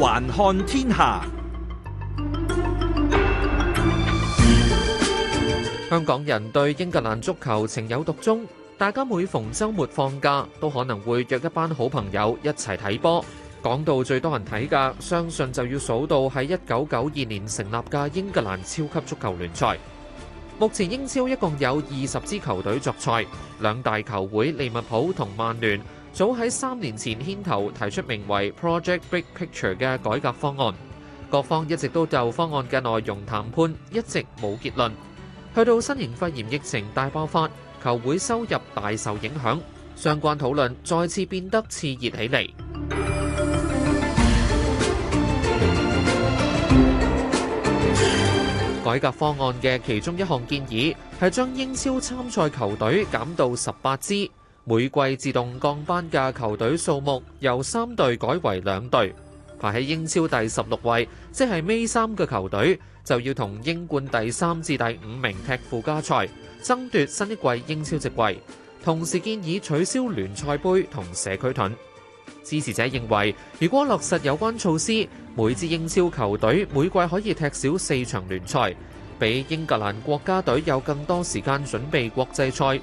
環看天下，香港人對英格蘭足球情有獨鍾，大家每逢周末放假都可能會約一班好朋友一齊睇波。講到最多人睇㗎，相信就要數到喺一九九二年成立嘅英格蘭超級足球聯賽。目前英超一共有二十支球隊作賽，兩大球會，利物浦同曼聯。早喺三年前牽頭提出名為 Project Big Picture 嘅改革方案，各方一直都就方案嘅內容談判，一直冇結論。去到新型肺炎疫情大爆發，球會收入大受影響，相關討論再次變得熾熱起嚟。改革方案嘅其中一項建議，係將英超參賽球隊減到十八支。每季自動降班嘅球隊數目由三隊改為兩隊，排喺英超第十六位，即係尾三嘅球隊就要同英冠第三至第五名踢附加賽，爭奪新一季英超席位。同時建議取消聯賽杯同社區盾。支持者認為，如果落實有關措施，每支英超球隊每季可以踢少四場聯賽，比英格蘭國家隊有更多時間準備國際賽。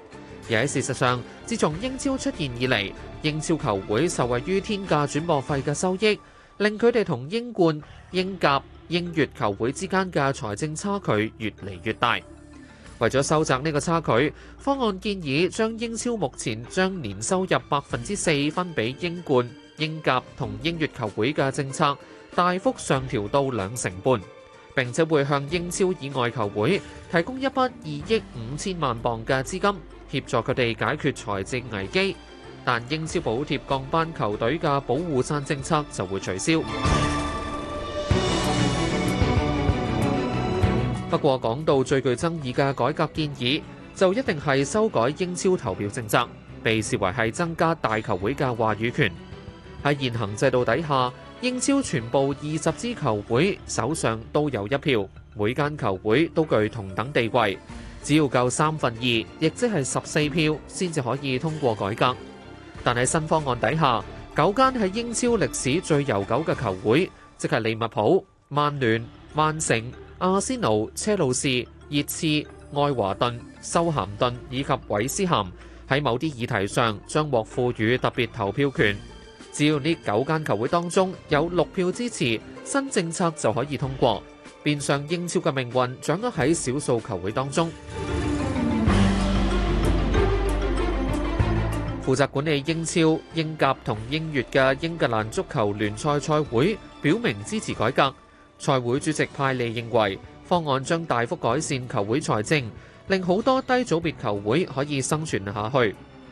而喺事實上，自從英超出現以嚟，英超球會受惠於天價轉播費嘅收益，令佢哋同英冠、英甲、英乙球會之間嘅財政差距越嚟越大。為咗收窄呢個差距，方案建議將英超目前將年收入百分之四分俾英冠、英甲同英乙球會嘅政策，大幅上調到兩成半。並且會向英超以外球會提供一筆二億五千萬磅嘅資金，協助佢哋解決財政危機。但英超補貼降班球隊嘅保護傘政策就會取消。不過講到最具爭議嘅改革建議，就一定係修改英超投票政策，被視為係增加大球會嘅話語權。喺現行制度底下。英超全部二十支球會手上都有一票，每間球會都具同等地位。只要夠三分二，亦即係十四票，先至可以通過改革。但喺新方案底下，九間喺英超歷史最悠久嘅球會，即係利物浦、曼聯、曼城、阿仙奴、車路士、熱刺、愛華頓、修咸頓以及韋斯咸，喺某啲議題上將獲賦予特別投票權。只要呢九間球會當中有六票支持，新政策就可以通過，變相英超嘅命運掌握喺少數球會當中。負責管理英超、英甲同英乙嘅英格蘭足球聯賽賽會表明支持改革。賽會主席派利認為方案將大幅改善球會財政，令好多低組別球會可以生存下去。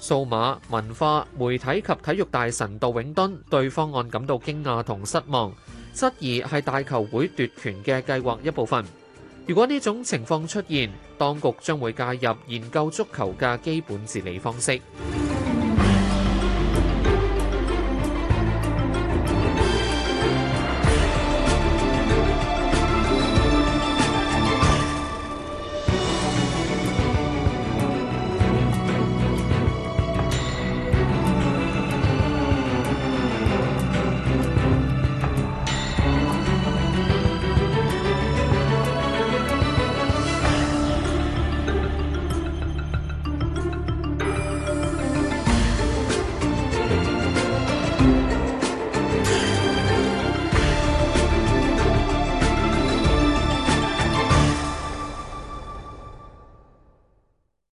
數碼文化媒體及體育大臣杜永敦對方案感到驚訝同失望，質疑係大球會奪權嘅計劃一部分。如果呢種情況出現，當局將會介入研究足球嘅基本治理方式。